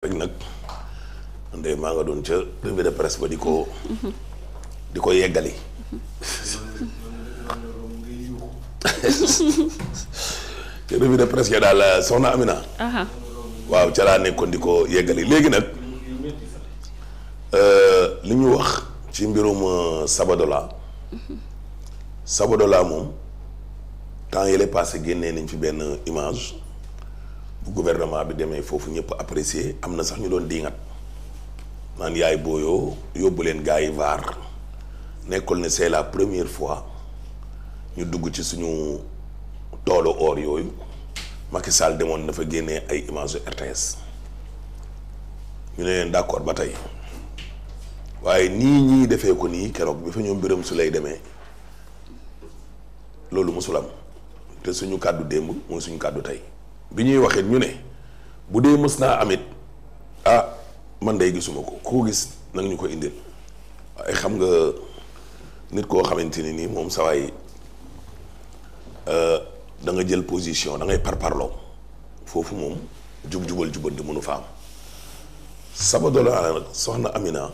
rek nag man de maa nga doon ca revue de presse ba di ko di ko yeggali ca revue de presse ya daal soxna Amina waaw ca laa nekkoon di ko yeggali léegi nag euh, li ñu wax ci mbirum euh, Sabadola Sabadola moom temps yële passé génnee nañ fi benn image bu gouvernement bi demee foofu ñëpp apprécier am na sax ñu doon diingat naan yaay booyoo yóbbu leen gars yi vaar nekkul ne c'est la première fois ñu dugg ci suñu toolu or yooyu Macky Sall demoon dafa génnee ay images RTS ñu ne leen d'accord ba tey waaye nii ñii defee ko nii keroog bi fa ñoom mbiram su lay demee loolu musul am te suñu kàddu démb mooy suñu kàddu tey. bi ñuy waxit ñu ne bu dee mës naa amit ah man day gisuma ko ku ko gis nag ñu ko indil waaye xam nga nit koo xamante ni nii moom sawaay euh, da nga jël position da ngay parparloo foofu moom jub-jubal jubandi mënu fa am Sabodala nag soxna Amina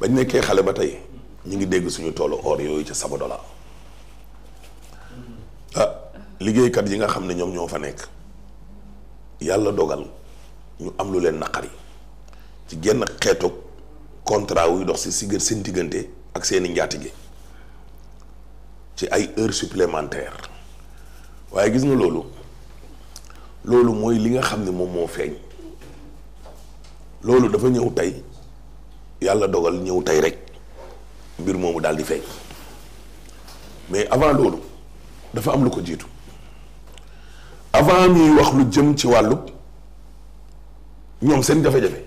bañ nekkee xale ba tey ñu ngi dégg suñu toolu or yooyu ca Sabodala ah liggéeykat yi nga xam ne ñoom ñoo fa nekk yàlla dogal ñu am lu leen naqari ci genn xeetu contrat wuy dox si si seen diggante ak seeni njaatige ci ay heures supplémentaires waaye gis nga loolu loolu mooy li nga xam ne moom moo feeñ loolu dafa ñëw tey yàlla dogal ñëw tey rek mbir moomu daal di feeñ mais avant loolu dafa am lu ko jiitu avant ñuy wax lu jëm ci wàllu ñoom seen jafe-jafe.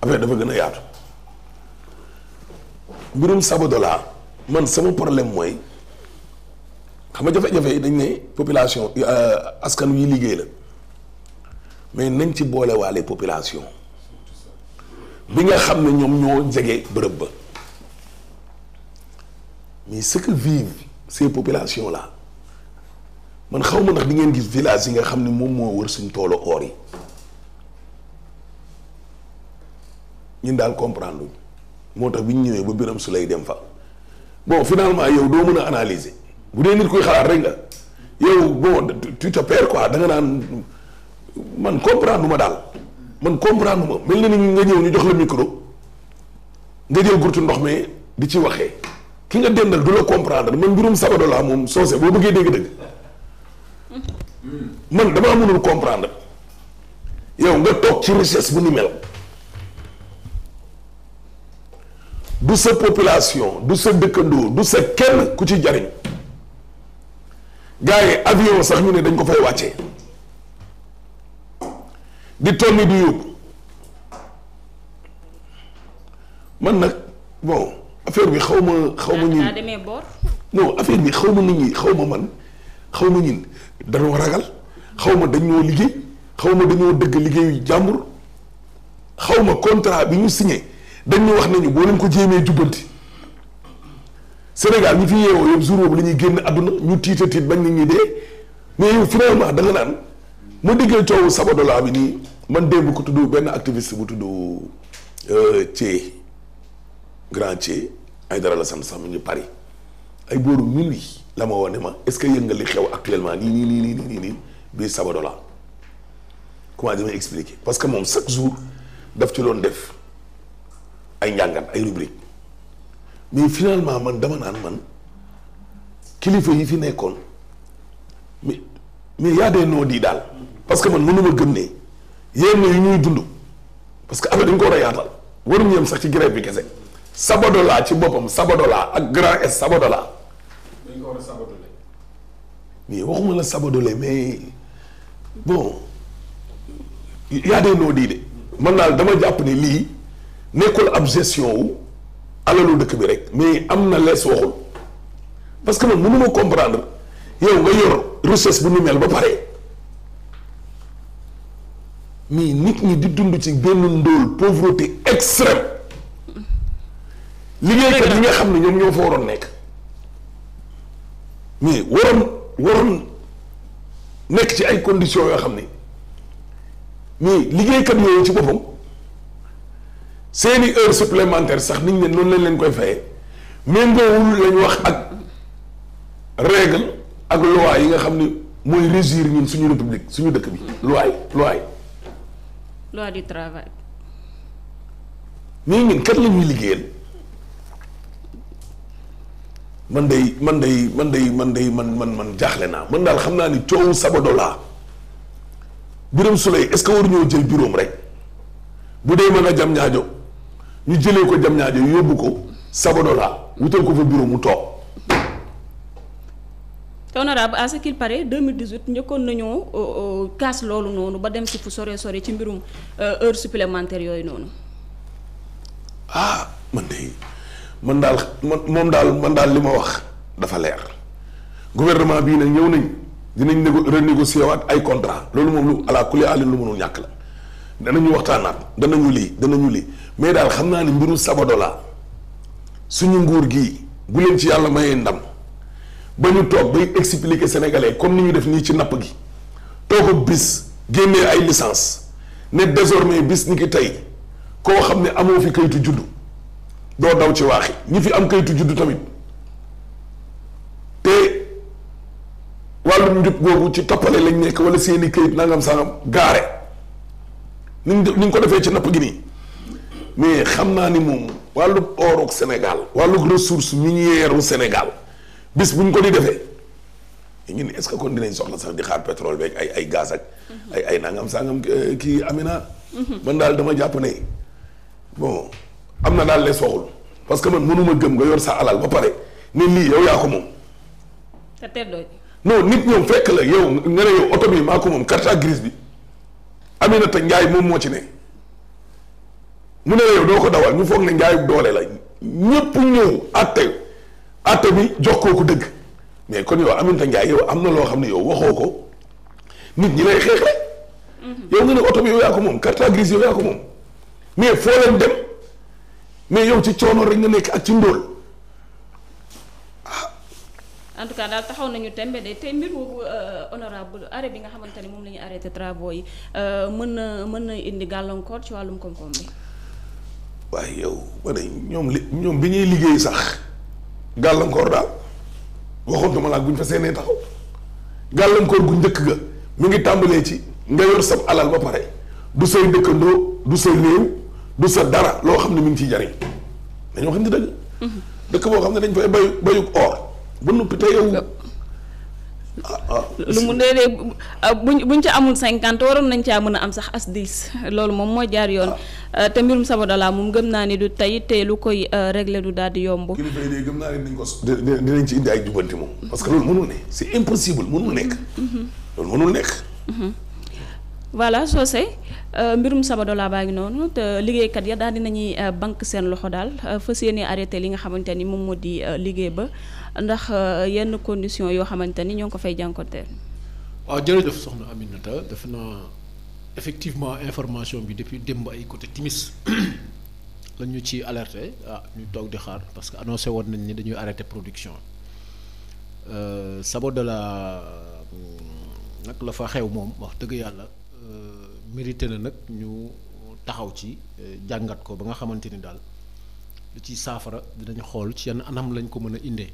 affaire dafa gën a yaatu. mbirum Sabodala man sama problème mooy xam nga jafe-jafe yi dañ ne population euh, askan wi liggéey la mais nañ ci boole waale population bi nga xam ne ñoom ñoo jege bërëb ba mais ce que vivent ces populations là. man xaw ma ndax di ngeen gis village yi nga xam ne moom moo wër suñ toolu or yi ñun daal comprendre luñ moo tax bi ñëwee ba Birame Souleye dem fa bon finalement yow doo mën a analyser bu dee nit kuy xalaat rek nga yow bon tu da nga naan man comprendre ma daal man comprendre ma mel na ni nga ñëw ñu jox la micro nga jël gurtu ndox mi di ci waxee ki nga dendal du la comprendre man mbirum Sabodala moom soose boo bëggee dégg-dëgg. man damaa mënul comprendre yow nga toog ci richesse bu ni mel du sa population du sa dëkkandoo du sa kenn ku ci jariñ gars yi avion sax ñu ne dañ ko fay wàcce di tonni di yóbbu man nag bon affaire bi xaw ma xaw ma ñu non affaire bi xaw ma nit ñi xaw ma man xaw ma ñin dañoo ragal xaw ma dañoo liggéey xaw ma dañoo dëgg liggéeyu jàmbur xawma ma contrat bi ñu signé dañu wax nañu boo leen ko jéemee jubbanti Sénégal ñi fi yeewoo yëpp jour boobu la ñuy génn àdduna ñu tiita tiit bañ na ñuy dee mais yow finalement da nga naan ma déggee coowu Sabadola bi nii man démb ko tuddu benn activiste bu tudd euh, Thié grand Thié ay dara la sant sax mu ngi Paris ay booru minuit la ma woo ne ma est-ce que yëngal li xew actuellement nii nii nii nii nii nii biir Sabadola comment expliquer parce que moom chaque jour daf ci doon def ay njàngat ay rubrique mais finalement man dama naan man kilifa yi fi nekkoon mais mais y a di daal parce que man mënuma gëm ne yenn yu ñuy dund parce que affaire dañ ko war a yaatal waruñu yem sax ci grève bi kese Sabadola ci boppam Sabadola ak Grand S Sabadola. ko war waxuma la sabodolee mais bon yaa dee noo dii de man daal dama jàpp ni lii nekkul ab gestion wu alalu dëkk bi rek mais am na lees waxul parce que man mënu ma comprendre yow nga yor richesse bu nu mel ba pare mais nit ñi di dund ci benn ndóol pauvreté extrême liggéeykat yi nga xam ne ñoom ñoo fa waroon nekk. mais waroon waroon nekk ci ay conditions yoo xam ne mais liggéeykat yooyu ci boppam seeni heure supplémentaire sax niñ ne noonu lañ leen koy fayee méngoowul lañu wax ak règle ak loi yi nga xam ni mooy régir ñun suñu république suñu dëkk bi loi loi loi du travail. mais ñun kat la ñuy liggéeyal. man day man day man day man day man man man jaaxle naa man daal xam naa ni coowu Sabadola Birame Souleye est-ce que waruñoo jël bureau rek bu dee mën a jam ñaajo ñu jëlee ko jam ñaajo yóbbu ko Sabadola wutal ko fa bureau mu toog. honorable à ce qu'il paraît 2018 njëkkoon nañoo euh, euh, kaas loolu noonu ba dem si fu sore sore ci mbirum euh, heure supplémentaire yooyu noonu. Ah, man daal man moom daal man daal li ma wax dafa leer gouvernement bii nag ñëw nañ dinañ négo renégocier waat ay contrat loolu moom lu ala kulli àlin lu mënul ñàkk la danañu waxtaanaat danañu lii danañu lii mais daal xam naa ne mbiru Sabadola suñu nguur gii bu leen ci yàlla mayee ndam ba ñu toog ba expliquer sénégalais comme ni ñu def nii ci napp gi toog bis génnee ay licence ne désormais bis ni ki tey koo xam ne amoo fi kayitu juddu doo daw ci waaxi ñi fi am kayitu juddu tamit te wàllum njub googu ci toppale lañ nekk wala seeni kayit nangam sangam gaare ni ñu ko defee ci napp gi nii mais xam naa ni moom wàllub ooruk Sénégal wàllub ressource minière Sénégal bis bu ñu ko di defee ñun est-ce que kon dinañ soxla sax di xaar pétrole beeg ay ay gaz ak. ay ay nangam sangam euh, kii Amina. Mhm. man daal dama jàpp ne bon. am na daal les waxul parce que man mënuma gëm nga yor sa alal ba pare ne lii yow yaa ko moom. te teddoo nit ñoom fekk la yow nga ne yow oto bi maa ko moom carte Njaay moom moo ci ne mu ne la yow doo la ñëpp ñëw àtte àtte bi jox kooku dëgg mais kon yow Aminata yow am na loo xam ne yow waxoo ko ñi lay xeex mhm. nga oto bi yow yaa ko moom carte grise yow yaa ko moom mais foo leen dem. mais yow ci coono rek nga nekk ak ci ndóol en daal taxaw nañu tembe de tey mbir boobu euh, honorable arrêt bi nga xamante ne moom la ñu arrêté travaux yi euh, mën na mën na indi gàllankoor ci wàllum koom-koom bi. waaye yow ba ne ñoom li ñoom bi ñuy liggéey sax gàllankoor daal waxutuma laa guñ fa seenee taxaw gàllankoor gu njëkk ga mi ngi tàmbalee ci nga yor sab alal ba pare du say dëkkandoo du say néew. du sa dara loo xam ne mu ngi ciy jariñ dañoo xam ne dëgg. dëkk boo xam ne dañ fay bayu bayu or ba noppi te yow. Ah, ah. lu mu dee dee ah, buñ buñ ca amul cinquante waroon nañ caa mën a am sax as dix loolu moom moo jaar yoon te mbirum Sabodala moom gëm naa ni du tey te lu koy régler du daal di yomb. kilifa yi de gëm naa ko dinañ ci indi ay que loolu mënul ne c'est impossible mënul nekk. Mm-hmm. loolu mënul nekk. Mm-hmm. voilà Socé euh, mbirum Sabadola baa ngi noonu te liggéeykat ya daal dinañuy euh, banque seen loxo daal euh, fas yéene arrêté li nga xamante ni moom moo di liggéey ba ndax yenn condition yoo xamante ni ñoo ngi ko fay jànkonteel. waaw jërëjëf soxna Aminata def na effectivement information bi depuis démb ay côté timis la ñu ci alerté ah ñu toog di xaar parce que annoncé woon nañ ni dañuy arrêté production Sabadola hmm, nag la fa xew moom wax dëgg yàlla. Euh, mérité na nag ñu taxaw ci euh, jàngat ko ba nga xamante ni daal lu ci saafara dinañ xool ci yenn anam lañ ko mën a indee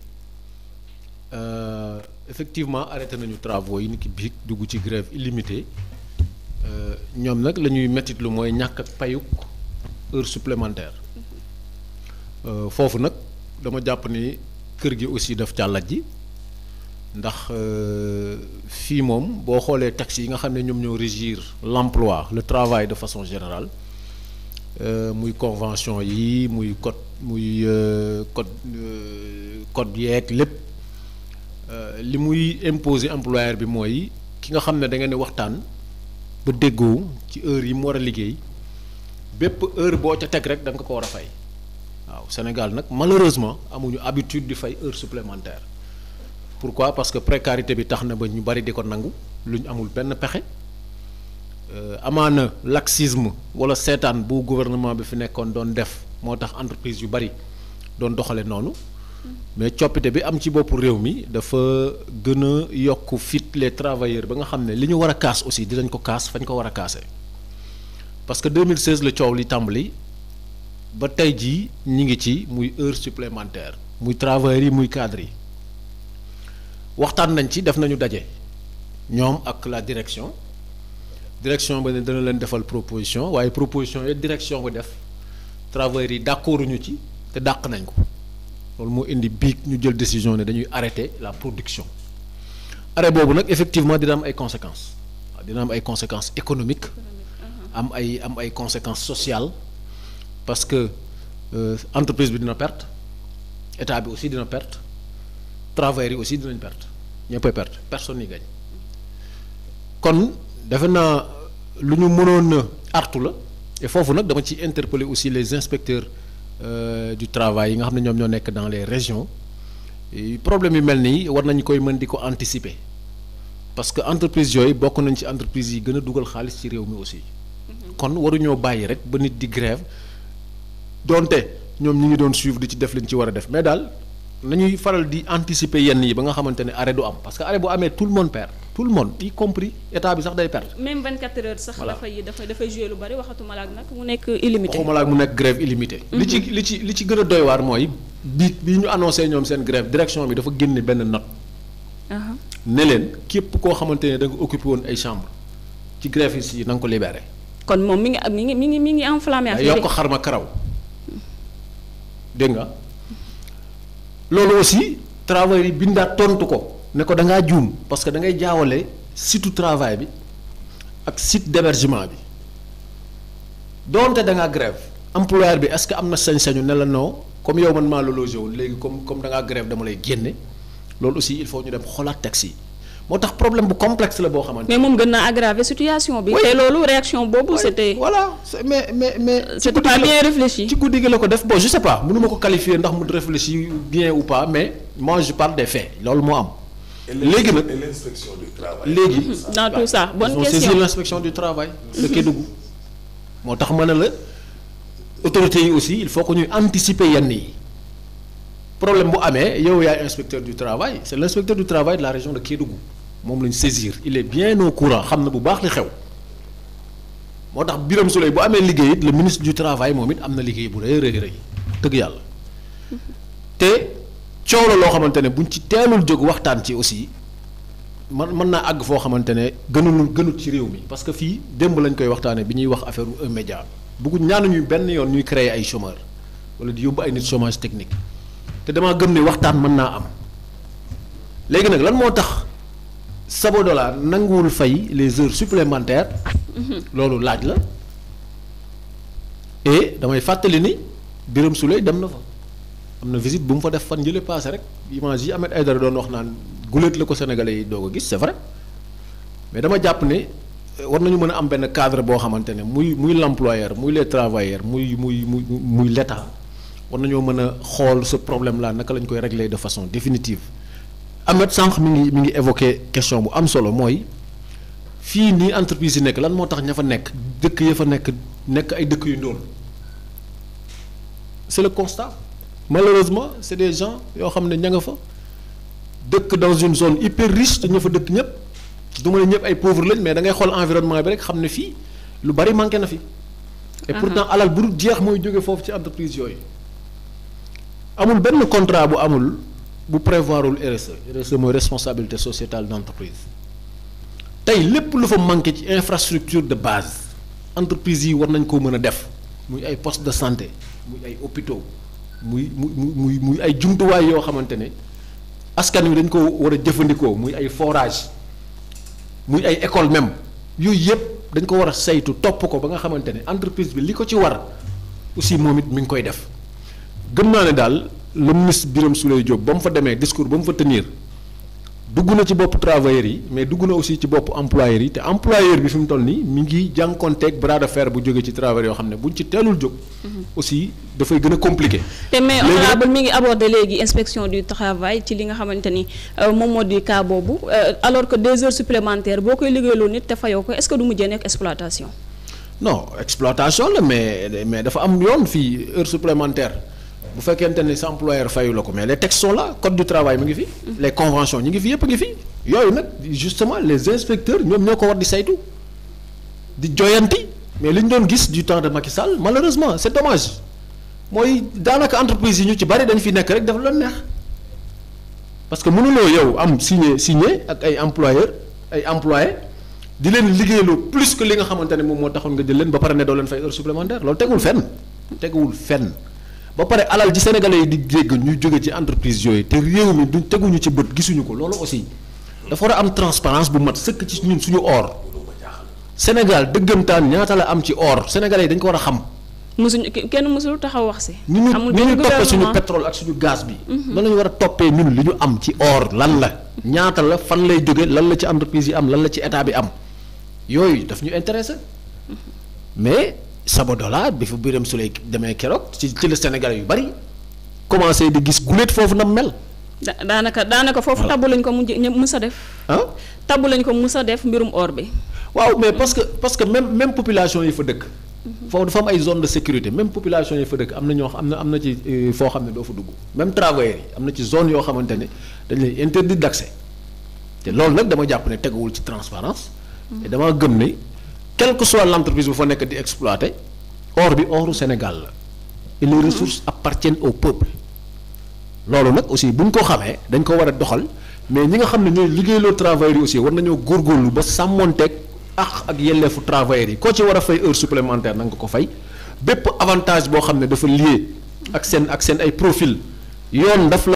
euh, effectivement arrêté nañu travaux yi ni ki biig dugg ci grève illimitée ñoom nag la ñuy mettit lu mooy ñàkk ak payuk heure supplémentaire mm-hmm. foofu nag dama jàpp ni kër gi aussi daf càllaj ji ndax euh, fii moom boo xoolee taxes yi nga xam ne ñoom ñoo régir l'emploi le travail de façon générale euh, muy convention yi muy code muy euh, code code yeeg lépp li muy imposer employeur bi mooy ki nga xam ne da ngeen di waxtaan ba déggoo ci heure yi mu war a liggéey bépp heure boo ca teg rek da nga ko war a fay waaw Sénégal nag malheureusement amuñu habitude di fay heure supplémentaire pourquoi parce que précarité bi tax na ba ñu bari di ko nangu lu ñu amul benn pexe euh, amaana laxisme wala seetaan bu gouvernement bi fi nekkoon doon def moo tax entreprise yu bari doon doxale noonu mais coppite bi am ci boppu réew mi dafa gën a yokk fit les travailleurs ba nga xam ne li ñu war a kaas aussi dinañ ko kaas fañ ko war a kaasee parce que 2016 la coow li tàmbali ba tey jii ñi ngi ci muy heure supplémentaire muy travailleurs yi muy cadres yi waxtaan nañ ci def nañu daje ñoom ak la direction direction ba ne dana leen defal proposition waaye proposition yi direction ba def travailleurs yi d'accorduñu ci te dàq nañ ko loolu moo indi biig ñu jël décision ne dañuy arrêter la production are boobu nag effectivement dina am ay conséquences waaw dina am ay conséquences économiques am ay am ay conséquences sociale parce que euh, entreprise bi dina perte état bi aussi dina perte travailleurs yi aussi dinañ perte ñëppay perte personne yi gañ kon defe naa lu ñu mënoon artu la et foofu nag dama ci interpeller aussi les inspecteurs euh, du travail yi nga xam ne ñoom ñoo nekk dans les régions problème yu mel nii war nañu koy mën di ko anticiper parce que entreprise yooyu bokk nañ ci entreprise yi gën a dugal xaalis ci réew mi aussi mm-hmm. kon waruñoo bàyyi rek ba nit di grève donte ñoom ñi ngi doon suivre di ci def liñ ci war a def mais daal nañuy faral di anticiper yenn yi ba nga xamante ne arrêt du am parce que arrêt bu amee tout le monde perd tout le monde y compris état bi sax day perdre. même 24 heures sax. voilà dafay dafay dafay jouer lu bari waxatuma laag nag mu nekk illimité. waxuma laag mu nekk grève illimité. Mhm. li ci li ci li ci gën a doy waar mooy bi bi ñu annoncé ñoom seen grève direction bi dafa génne benn note. ne leen képp koo xamante ne da nga occupé woon ay chambre ci grève yi na nga ko libéré. kon moom mi ngi mi ngi mi ngi mi ngi enflammé. affaire yi yokk xarma karaw dégg loolu aussi travail yi bindaat tontu ko ne ko da ngaa juum parce que da ngay jaawale site travail bi ak site d'hébergement bi doonte da ngaa grève employeur bi est-ce que am na sañ-sañu ne la noo comme yow man maa la logé léegi comme comme da ngaa grève dama lay génne loolu aussi il faut ñu dem xolaat xoolaat taxi moo tax problème bu complexe la boo xamante mais moom gën naa aggraver situation bi. te loolu réaction boobu c'était. voilà mais mais mais. Euh, c'était pas bien réfléchi ci guddi gi la ko def bon je sais pas mënuma ko qualifier ndax mu réfléchi bien ou pas mais moi je parle des faits loolu moo am. léegi nag l'inspection du travail. léegi dans tout ça bonne question ils ont saisi l'inspection du travail. de Kédougou moo tax ma ne la autorités yi aussi il faut que ñuy anticiper yenn yi. problème bu amee yow yaay inspecteur du travail c'est l'inspecteur du travail de la région de Kédougou moom la ñu saisir il est bien no courant xam na bu baax li xew moo tax biram Souleye bu amee liggéey it le ministre du travail moom it am na liggéey bu rëy rëy rëy dëgg yàlla te coow la loo xamante ne buñ ci teelul jóg waxtaan ci aussi man mën naa àgg foo xamante ne gënul gënul ci réew mi parce que fii démb lañ koy waxtaanee bi ñuy wax affaire u média buggu ñaanuñu benn yoon ñuy créer ay chômeurs wala di yóbbu ay nit technique te damaa gëm ne waxtaan mën naa am léegi nag lan moo tax Sabodala nanguwul fay les heures supplémentaires mhm. loolu laaj la et damay fàttali ni biram Souleye dem na fa am na visite bu mu fa def fan jële passé rek image yi Ahmed Aïdara doon wax naan guléet la ko sénégalais yi doo ko gis c'est vrai mais dama jàpp ne euh, war nañu mën a am benn cadre boo xamante ne muy muy l'employeur muy les travailleurs muy muy muy muy l'État war nañoo mën a xool ce problème là naka lañ koy régler de façon définitive Ahmed sànq mi ngi mi ngi évoqué question bu am solo mooy fii nii entreprise yi nekk lan moo tax ña fa nekk dëkk ya fa nekk nekk ay dëkk yu ndóol c'est le constat malheureusement c'est des gens yoo xam ne ña nga fa dëkk dans une zone hyper riche te ña fa dëkk ñëpp du ma ne ñëpp ay pauvres lañ mais dangay xool environnement bi rek xam ne fii lu bari manqué na fi. et pourtant alal bu dul jeex mooy jóge foofu ci entreprise yooyu. amul benn contrat bu amul bu prévoirul RSE RSE mooy responsabilité sociétale d'entreprise tey lépp lu fa manqué ci infrastructure de base entreprise yi war nañ ko mën a def muy ay poste de santé muy ay hôpitaux muy muy muy ay jumtuwaay yoo xamante ne askan wi dañ ko war a jëfandikoo muy ay forage muy ay école même yooyu yëpp dañ ko war a saytu topp ko ba nga xamante ne entreprise bi li ko ci war aussi moom it mi ngi koy def gën naa ne daal le ministre Birame Souleye Diop ba mu fa demee discours ba mu fa tenir dugg na ci bopp travailleurs yi mais dugg na aussi ci bopp employeurs yi te employeur bi fi mu toll nii mi ngi jànkonteeg bras a fer bu jógee ci travailleurs yoo xam ne buñ ci teelul jóg. Mhm. aussi dafay gën a compliqué. te mais honorable mi ngi abordé léegi inspection du travail ci li nga xamante ni euh, moom moo di cas boobu euh, alors que deux heures supplémentaires boo koy liggéeyloo nit te fayoo ko est-ce que du mujjee nekk non exploitation la mais mais dafa am yoon fii heure supplémentaire. bu fekkente ni sa employeur fayu la ko mais les textes sont là code du travail mu ngi fi. les conventions ñu ngi fi yëpp a ngi fi. yooyu nag justement les inspecteurs ñoom ñoo ko war di saytu di joyanti mais li ñu doon gis du temps de Macky Sall malheureusement c'est dommage mooy daanaka entreprise yi ñu ci bari dañu fi nekk rek daf leen neex parce que mënuloo yow am signé signé ak ay employeur ay employés di leen liggéeyloo plus que li nga xamante ne moom moo taxoon nga jël leen ba pare ne doo leen fay heure supplémentaire loolu teguwul fenn teguwul fenn. ba pare alal ji sénégalais yi di dégg ñu jóge ci entreprise yooyu te réew mi duñ teguñu ci bët gisuñu ko loolu aussi dafa war a am transparence bu mat sëkk ci ñun suñu or Sénégal dëggantaan ñaata la am ci or sénégalais yi dañ ko war a xam. mosuñu kenn mosul taxaw wax si. amul ñu ñu toppee suñu pétrole ak suñu gaz bi. Mhm. lan la war a toppee ñun li ñu am ci or lan la. ñaata la fan lay jóge lan la ci entreprise yi am lan la ci état bi am yooyu daf ñu intéressé mhm. mais. Sabadola bi fi Birame Souleye demee keroog ci ci la Sénégal yu bari commencé di gis guléet foofu nag mel. da daanaka daanaka foofu tabbu lañ ko mujj mus a def. ah tabbu lañ ko mus a def mbirum or bi. waaw mais parce que parce que même même population yi fa dëkk. foofu dafa am ay zone de sécurité même population yi fa dëkk am na ñoo am na am na ci euh, foo xam ne doo fa dugg même travailleurs yi am na ci zone yoo xamante ne dañ lay interdit te loolu nag dama jàpp ne teguwul ci transparence mm. dama gën ne. quelle que soit l' entreprise bu fa nekk di exploiter or bi oru Sénégal la et les ressources appartiennent au peuple loolu nag aussi bu ñu ko xamee dañ ko war a doxal mais ñi nga xam ne ñooy liggéeyloo travailleurs yi aussi war nañoo góorgóorlu ba sàmmonteeg ak ak yelleefu travailleurs yi koo ci war a fay heure supplémentaire na nga ko fay bépp avantage boo xam ne dafa lié ak seen ak seen ay profil yoon daf la